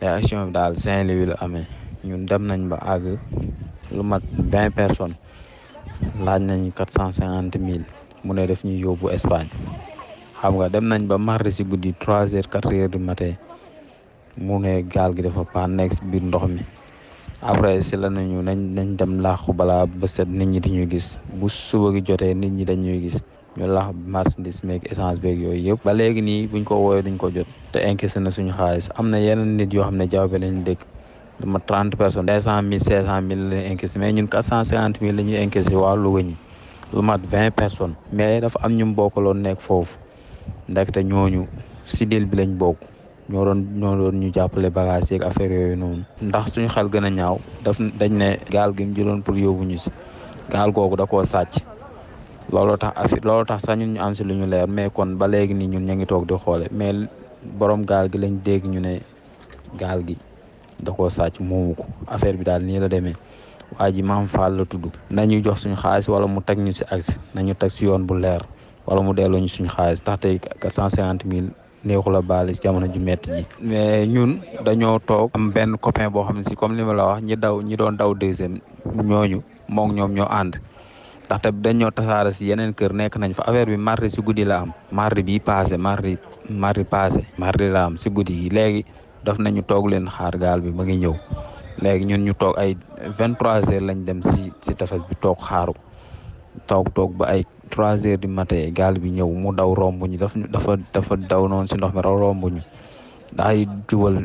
réaction bi daal Saint-Louis la amee ñun dem nañ ba àgg lu mat vingt personnes laaj nañ quatre cent cinquante mille mu ne def ñu yóbbu Espagne xam nga dem nañ ba mardi si guddi trois heures quatre heures du matin mu ne gaal gi defa paan nekk biir ndox mi après si la nañu nañ nañ dem làqu bala ba set nit ñi dañuy gis bu suba gi jotee nit ñi dañuy gis ñu lax marchandise meeg essence beeg yooyu yëpp ba léegi nii buñ ko woowee duñ ko jot te encaissé na suñu xaalis am na yeneen nit yoo xam ne jawbe lañ dëkk dama trente personnes cinq cent mille cinq cent mille lañ encaissé mais ñun quatre cent cinquante mille la ñuy encaissé waa Louga ñi lu mat vingt personnes mais dafa am ñu bokkaloon nekk foofu ndaxte ñooñu si dil bi lañ bokk ñoo doon ñoo doon ñu jàppale bagage yeeg affaire yooyu noonu ndax suñu xel gën a ñaaw daf dañ ne gaal gi mu pour yóbbu si gaal googu da koo sàcc looloo tax affaire looloo tax sax ñun ñu am si lu ñu leer mais kon ba léegi ni ñun ñu ngi toog di xoole mais boroom gaal gi lañ dégg ñu ne gaal gi da koo sàcc moomu ko affaire bi daal nii la demee waa ji maam Fall la tudd nañu jox suñu xaalis wala mu teg ñu si aks nañu teg si yoon bu leer wala mu delloo ñu suñu xaalis tax tey quatre cent cinquante mille neexu la baal si jamono ju metti ji mais ñun dañoo toog am benn copain boo xam ne si comme li ma la wax ñi daw ñi doon daw deuxième ñooñu moom ñoom ñoo ànd ndaxte dañoo tasaare si yeneen kër nekk nañ fa affaire bi mardi si guddi la am mardi bi passé mardi mardi passé mardi la am si guddi yi léegi daf nañu toog leen xaar gaal bi ba ngi ñëw léegi ñun ñu toog ay vingt trois heures lañ dem si si tefes bi toog xaaru toog toog ba ay trois heures du matin gaal bi ñëw mu daw romb ñu daf dafa dafa daw noonu si ndox mi raw romb ñu daay jubal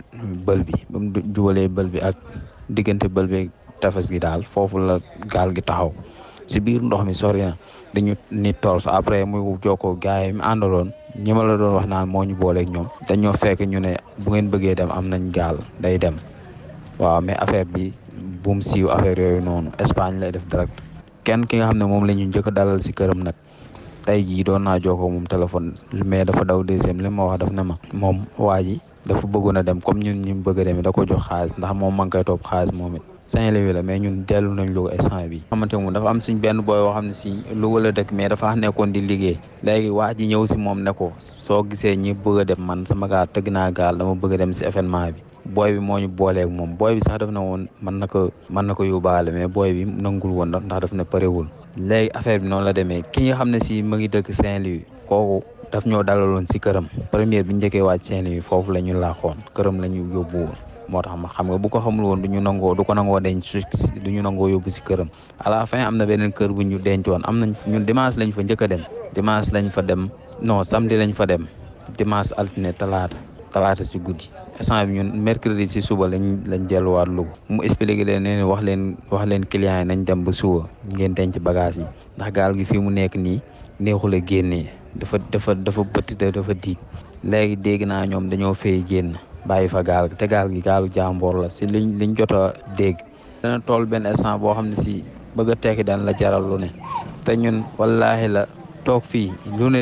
bël bi mu jubalee bël bi ak diggante bël bi tefes gi daal foofu la gaal gi taxaw si biir ndox mi sori na dañu ni tors après mu jokkoo gars yi mu àndaloon ñi ma la doon wax naan moo ñu booleeg ñoom dañoo fekk ñu ne bu ngeen bëggee dem am nañ gaal day dem waaw mais affaire bi bu mu siiw affaire yooyu noonu Espagne lay def direct kenn ki nga xam ne moom la ñu njëkk dalal si këram nag tey jii doon naa jokkoo moom téléphone mais dafa daw deuxième li ma wax daf ne ma moom waa ji dafa bëggoon a dem comme ñun ñu bëgg dem da ko jox xaalis ndax moom ma ngi koy topp xaalis moom it saint la mais ñun dellu nañ Louga instant bi xamante moom dafa am suñ benn booy boo xam ne si Louga la dëkk mais dafa nekkoon di liggéey léegi wax ji ñëw si moom ne ko soo gisee ñi bëgg a dem man sama gaal tëgg naa gaal dama bëgg dem si événement bi booy bi moo ñu booleeg moom booy bi sax daf na woon mën na ko mën na ko yóbbaale mais booy bi nangul woon ndax daf na parewul léegi affaire bi noonu la demee ki nga xam ne si mu ngi dëkk Saint-Louis kooku daf ñoo dalaloon si këram première bi njëkkee wàcc seen yi foofu la ñu laaxoon këram la ñu yóbbu woon moo tax ma xam nga bu ko xamul woon du ñu nangoo du ko nangoo denc du ñu nangoo yóbbu si këram à la am na beneen kër bu ñu dencoon am nañ ñun dimanche lañ fa njëkk a dem dimanche lañ fa dem non samedi lañ fa dem dimanche altine talaata talaata si guddi instant bi ñun mercredi si suba lañ lañ delluwaat Louga mu expliqué leen ne wax leen wax leen client yi nañ dem ba suba ngeen denc bagage yi ndax gaal mu nekk nii neexul a génnee dafa dafa dafa bëtt te dafa di léegi dégg naa ñoom dañoo fay génn bàyyi fa gaal te gaal gi gaalu jàmboor la si liñ liñ jot dégg dana tool benn instant boo xam ne si bëgg a tekki daan la jaral lu ne te ñun wallaahi la toog fii lu ne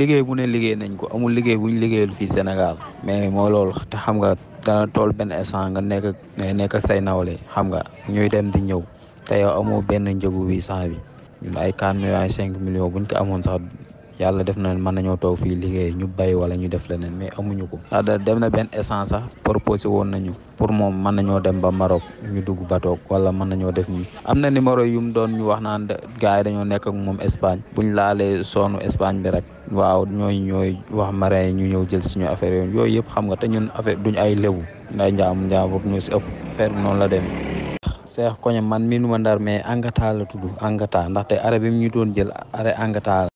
liggéey bu ne liggéey nañ ko amul liggéey buñ liggéeyul fii Sénégal mais mooy loolu te xam nga dana tool benn instant nga nekk nga nekk say nawle xam nga ñuy dem di ñëw te yow amoo benn njëgu huit cent bi ñun ay quatre millions ay cinq millions buñ ko amoon sax yàlla def na mën nañoo toog fii liggéey ñu bay wala ñu def leneen mais amuñu ko da dem na benn essence sax proposé woon nañu pour moom mën nañoo dem ba Maroc ñu dugg bateau wala mën ñoo def nii am na numéro yu mu doon ñu wax naan gars yi dañoo nekk ak moom Espagne buñ laale soonu Espagne bi rek waaw ñooy ñooy wax marin yi ñu ñëw jël suñu affaire yoon yooyu yëpp xam nga te ñun affaire duñ ay lébu nday njaam njaam ñu si ëpp affaire bi la demee Seex koñe man miinu ndar mais Angata la la